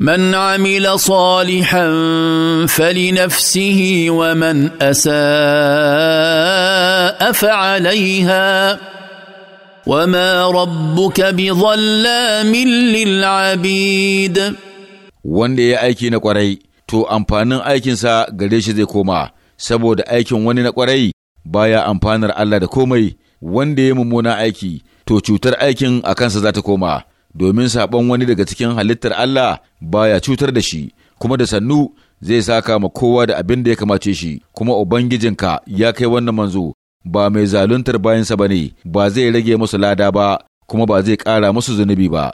من عمل صالحا فلنفسه ومن اساء فعليها وما ربك بظلام للعبيد wanda ya aiki na kwarai to amfanin aikinsa gare shi zai koma saboda aikin wani na kwarai baya amfanar Allah da komai wanda ya mummuna aiki to cutar aikin a kansa za ta koma domin saɓon wani daga cikin halittar Allah ba ya cutar da shi, kuma da sannu zai saka ma kowa da abin da ya kamace shi, kuma Ubangijinka ya kai wannan manzo ba mai zaluntar bayansa ba ne, ba zai rage musu lada ba, kuma ba zai ƙara musu zunubi ba.